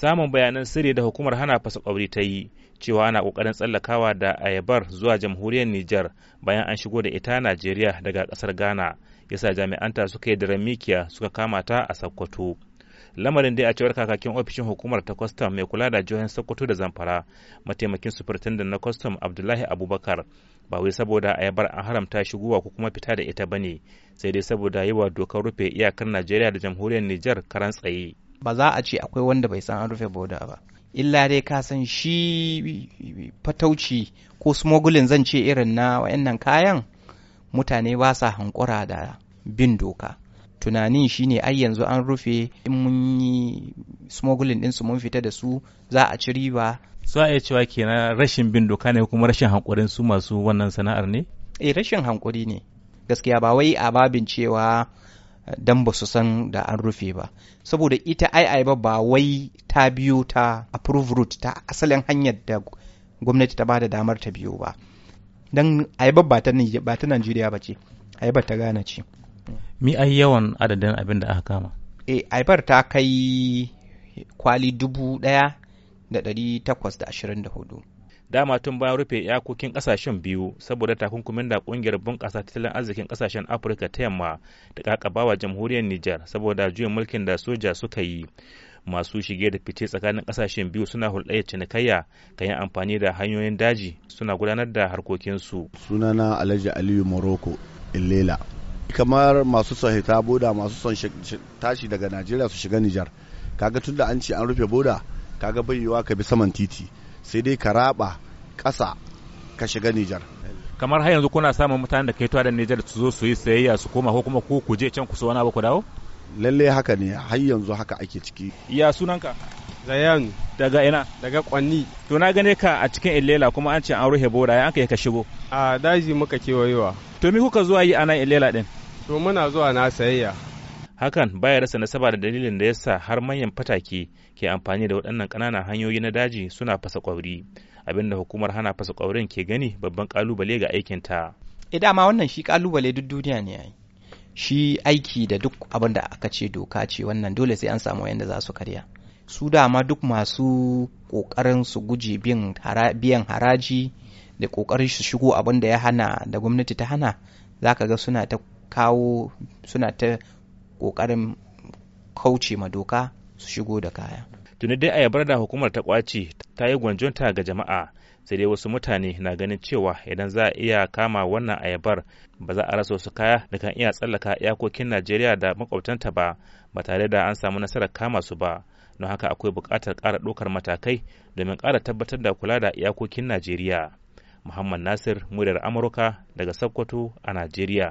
samun bayanan sirri da hukumar hana fasa kwauri ta yi cewa ana kokarin tsallakawa da ayabar zuwa jamhuriyar Nijar bayan an shigo da ita Najeriya daga kasar Ghana yasa jami'anta suka yi da ramikiya suka kama ta a Sokoto. Lamarin dai a cewar kakakin ofishin hukumar ta kwastam mai kula da jihohin Sokoto da Zamfara mataimakin sufurtandan na kwastam Abdullahi Abubakar ba wai saboda ayabar an haramta shigowa ko kuma fita da ita bane sai dai saboda yawa dokar rufe iyakar Najeriya da jamhuriyar Nijar karan tsaye. ba za a ce akwai wanda bai san an rufe boda ba illa dai ka san shi fatauci ko smuggling zan ce irin na wayannan kayan mutane ba sa hankura da bin doka tunanin shine ai yanzu an rufe in mun yi smuggling su mun fita da su za a ci riba su a iya cewa kenan rashin bin doka ne kuma rashin hankurin su masu wannan sana'ar ne eh rashin hankuri ne gaskiya ba wai a babin cewa don ba su san da an rufe ba saboda ita ai ba ba wai ta biyo ta approve route ta asalin hanyar da gwamnati ta bada damar ta biyo ba don ai ba ta ba ta Najeriya ba ce ba ta Ghana ce mi ai yawan adadin abin da aka kama e aibar ta kai kwali dubu ɗaya da ɗari takwas da ashirin da hudu dama tun bayan rufe iyakokin kasashen biyu saboda takunkumin da kungiyar bunƙasa tattalin arzikin kasashen afirka ta yamma da kakabawa jamhuriyar nijar saboda juyin mulkin da soja suka yi masu shige da fice tsakanin kasashen biyu suna hulɗayar cinikayya kan yi amfani da hanyoyin daji suna gudanar da harkokinsu sunana alhaji aliyu morocco illela kamar masu son hita boda masu son tashi daga najeriya su shiga nijar kaga tunda an ce an rufe boda kaga bayyawa ka bi saman titi sai dai ka raba ƙasa ka shiga Nijar. kamar har yanzu kuna samun mutanen da ke tuwa da Nijar su zo su yi sayayya su koma ko kuma ko ku je can ku so wani abu ku dawo? Lalle haka ne har yanzu haka ake ciki. Ya sunanka? Zayan. Daga ina? Daga Kwanni. To na gane ka a cikin Ilela kuma an ce an rufe boda ya an kai ka shigo. A daji muka kewayewa. To me kuka zuwa yi a nan Ilela din? To muna zuwa na sayayya. hakan baya rasa nasaba da dalilin da yasa har manyan fatake ke amfani da waɗannan ƙananan hanyoyi na daji suna fasa ƙwauri abinda hukumar hana fasa ƙwaurin ke gani babban ƙalubale ga aikin ta e eh, dama wannan shi ƙalubale duk duniya ne yayi shi aiki da duk abin da aka ce doka ce wannan dole sai an samu yadda za su karya su dama duk masu ƙoƙarin su guje biyan haraji da ƙoƙarin su shigo abin da ya hana da gwamnati ta hana za ka ga suna ta kawo suna ta ƙoƙarin kauce ma doka su shigo da kaya. Tuni dai ayabar da hukumar ta kwace ta yi gwanjonta ga jama'a sai dai wasu mutane na ganin cewa idan za a iya kama wannan ayabar ba za a rasa wasu kaya da kan iya tsallaka iyakokin Najeriya da makwabtanta ba ba tare da an samu nasarar kama su ba. Don haka akwai buƙatar ƙara ɗaukar matakai domin ƙara tabbatar da kula da iyakokin Najeriya. Muhammad Nasir, muryar Amurka daga Sokoto a Najeriya.